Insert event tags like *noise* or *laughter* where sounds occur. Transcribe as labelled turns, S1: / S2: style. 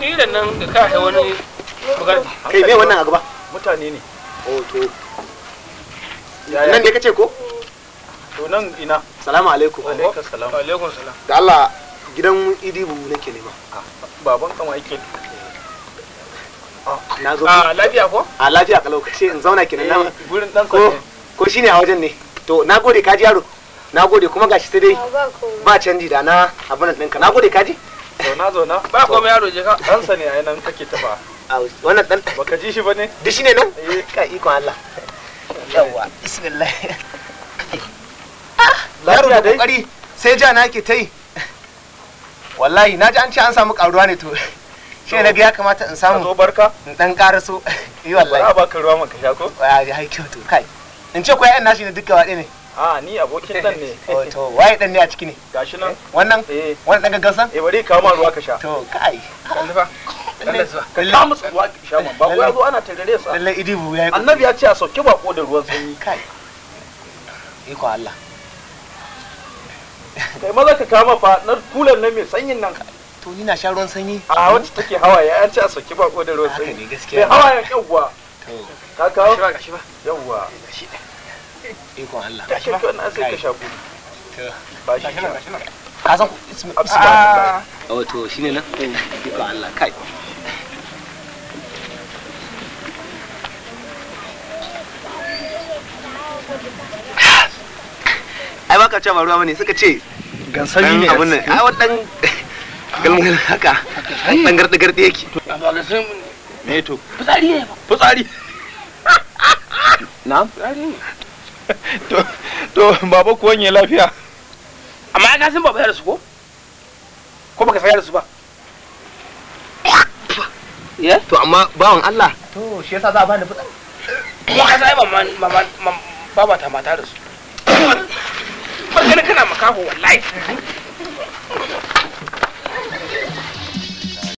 S1: ni da nan da ka yi wani kai me wannan a gaba mutane ne oh to nan ne kace ko to nan ina salamu alaikum alaikum salam alaikum da Allah gidan idibu nake nema ah, baban kama yake ah, na zo a ah, lafiya ko a lafiya ka kace in zauna kenan na eh, gurin dan ko ko shine a wajen ne to na gode kaji yaro na gode kuma gashi sai dai ba canji da na abin nan ɗinka na gode kaji zauna zauna ba ko yaro je ka ɗansa ne a nan kake tafa wannan ɗan baka ji shi ba ne Da shi ne nan eh. ka ikon Allah yawa bismillah yaro da kokari sai ja na ke ta yi wallahi na ji an ce an samu karuwa ne to
S2: shi na ga ya kamata
S1: in samu zo barka in dan karaso yi *laughs* eh, wallahi ba ka ruwa man sha ko ai kyau to kai in ce ko ya'yan nashi ne duk gaba ɗaya ne a ni abokin dan ne *laughs* oh, to waye dan ne a ciki ne gashi nan eh, wannan eh. wannan dan gaggasan eh bari kawo ma ruwa ka sha to kai kalli fa ka kawo musu ruwa ka sha man ba ko yazo ana tarare sa lalle idibu yayi annabi ya ce a sauke bako da ruwan sanyi kai iko Allah kai maza ka kama fa na kulan nan mai sanyin nan to ni na sha ruwan sanyi a wacce take hawaye an ce a sauke bako da ruwan sanyi haka ne gaskiya hawayen yawwa ka kawo shi ba yawwa shi ikon Allah ta shi na sai ka to ba shi ka san wato ah. oh, shine nan oh, ikon Allah kai ai baka ruwa bane suka ce ne abun nan ai wadan galmal haka dan garda garda yake amma ga sai me to fitsari ne fitsari *laughs* na'am fitsari ne to to baba kuwan ya lafiya amma ka san baba ya rasu ko ko baka san ya ba ya eh, to amma bawan Allah to shi yasa za a bani fita kuma ka sai mama mama baba ta mata da su ba kana kana makaho wallahi